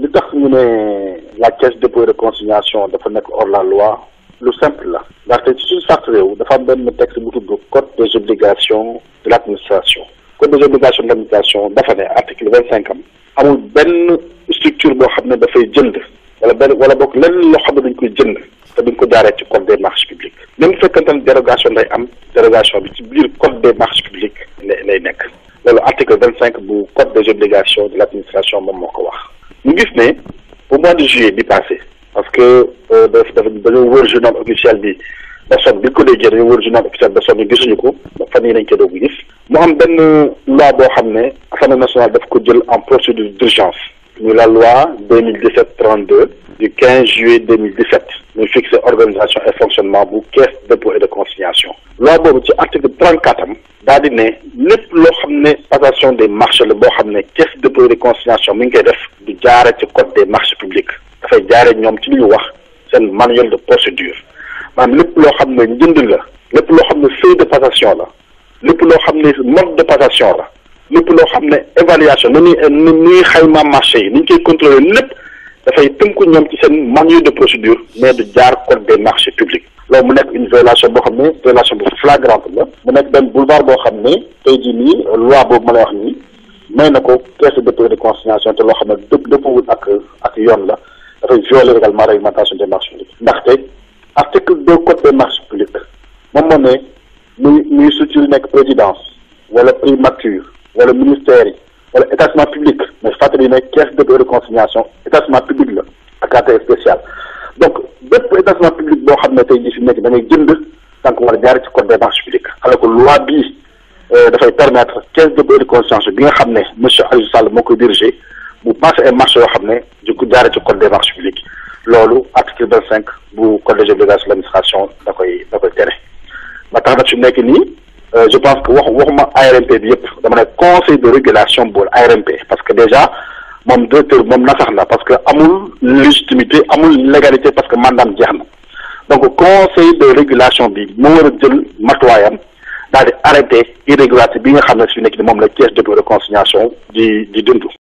li tax ñu ne la caisse dépôt de consignation dafa nekk hors la loi lu simple la ndaxte ci suñu réew dafa am texte bu tudd code des obligations de l'administration. administration code des obligations de l'administration administration dafa ne article vingt cinq am amul benn structure boo xam ne dafay jënd wala benn wala boog lenn loo xam ne dañ koy jënd te duñ ko jaaree ci code des marchés publics même fekkante dérogation day am dérogation bi ci biir code des marchés publics lay nekk loolu article vingt cinq bu code des obligations de l'administration administration moom wax nous gis né au mois de juillet du passé parce que dafa euh, dafa dañoo wër journal officiel bi ba sonn bi ñu ko dee jël journal officiel ba sonn ñu gisuñu ko fan yii lañ koy doog gis. mu am benn loi de xam ne nationale daf ko jël en procédure d'urgence muy la loi 2017 32 du 15 juillet 2017 nous fixé organisation et fonctionnement pour caisse dépôt et de consignation. loi de ci 34 am daa di ne lépp loo xam passation des marchés la boo xam ne dépôt et de consignation jaare ci code des marchés publics dafay jaare ñoom ci li ñu wax seen manuel de procédure maanaam lépp loo xam ne njënd la lépp loo xam ne feuille de passation la lépp loo xam ne mode de passation la lépp loo xam ne évaluation na ñuy ni ñuy xayma marché yi ni ñu koy contrôler lépp dafay tënku ñoom ci seen manuel de procédure mais du jaar code des marchés publics loolu mu nekk une violation boo xam ne violation bu flagrante la mu nekk benn boulevard boo xam ne tey jii nii loi boobu ma lay wax nii may na ko caisse de de consignation te loo ak la réglementation des marchés publics article deux code de marchés publics moom moo ne muy présidence wala primature wala ministère yi wala public mais fàttali caisse de de consignation établissement public à caractère spécial donc deux public boo xam ne tey que war code des marchés publics alors que loi bii euh, dafay permettre caisse de de conscience bi nga M. monsieur Aliou Sall moo dirigé vous passez un marché yoo du coup d'arrêt ko code des marchés publics L'OLU, article 25, cinq bu code des obligations de l'administration da koy da Maintenant, tere ba tax euh, je pense que wax waxuma ARMP bi conseil de régulation pour ARMP parce que déjà moom directeur moom na na parce que amul légitimité amul légalité parce que Madame jeex donc donc conseil de régulation bi moo war daal di arrêté irrégularité bi nga xam ne fi nekk ni moom la caisse de dépôt et di di dund.